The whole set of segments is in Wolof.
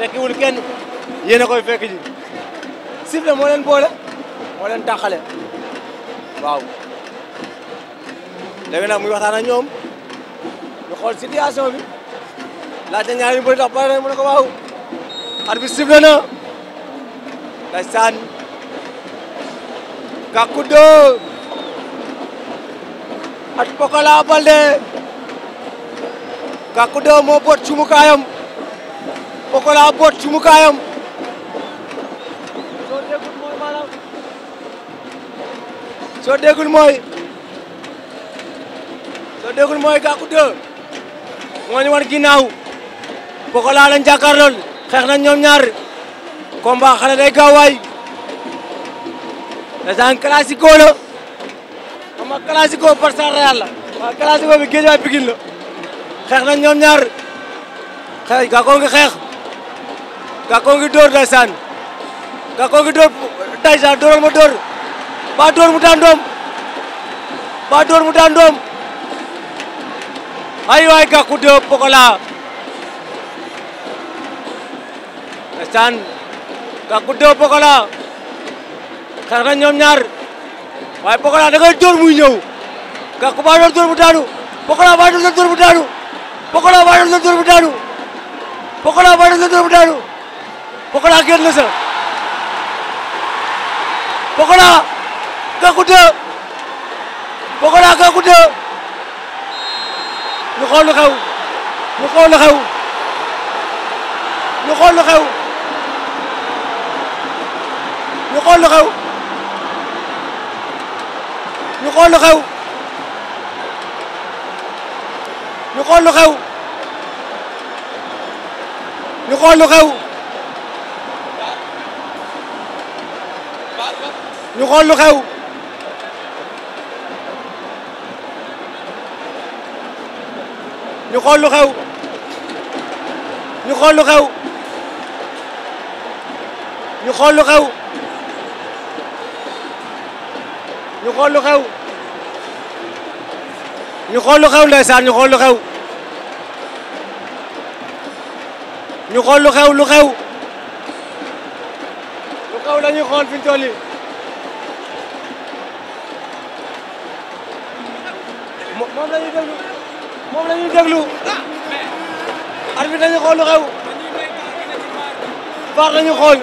fekkiwul kenn yéen a koy fekk ji sifflet moo leen boole moo leen tàqale waaw léegi nag muy ñoom ñu xool situation bi laajte ñaar yu bëri tax pare nañ mu ne ko waaw arbitre sifflé na ndeysaan Gackou 2 ak Pokola Baldé Gackou 2 Pokola boot cumukaayam soo déggul mooy maanaam soo déggul mooy soo déggul mooy Gackou 2 moo ñu wan ginnaaw Pokola lañ jàkkaarlool xeex nañ ñoom ñaar combat xale day gaaw waay dasan classico la ama classico par sa Real la waaw géej waay Pikine la xeex nañ ñoom ñaar xeex Gackou nga Gakko ngi dóor ndeysaan Gakko ngi dóor ndeysaan dóoral ma dóor ba dóor mu daan doom ba dóor mu daan doom ay waay Gakko dóor Pokola ndeysaan Gakko dóor Pokola xeex na ñoom ñaar waaye Pokola da ngay dóor muy ñëw Gakko ba dóor dóor mu daanu Pokola ba dóor dóor mu daanu Pokola ba dóor dóor mu daanu Pokola génn na sa Pokola Gackou 2 Pokola Gackou 2 ñu xool lu xew ñu xool lu xew ñu xool lu xew ñu xool lu xew ñu xool xew lu xew xew ñu xool lu xew ñu xool lu xew ñu xool lu xew ñu xool lu xew ñu xool lu xew ñu xool lu xew ndeysaan ñu xool lu xew ñu xool lu xew lu xew lu xew la fi ñu moom la ñuy déglu moom la ñuy déglu arbitre dañu xool lu xew baax dañu xool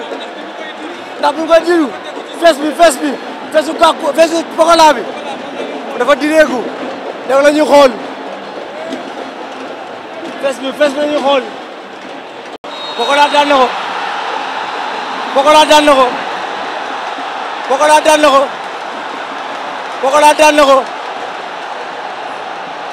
ndax bu ñu koy dilu bi fees bi feesu gàkku feesu pokola bi dafa direegu def la ñuy xool fees bi fees bi la ñuy xool pokola daan na ko pokola daan na ko pokola daan daan na ko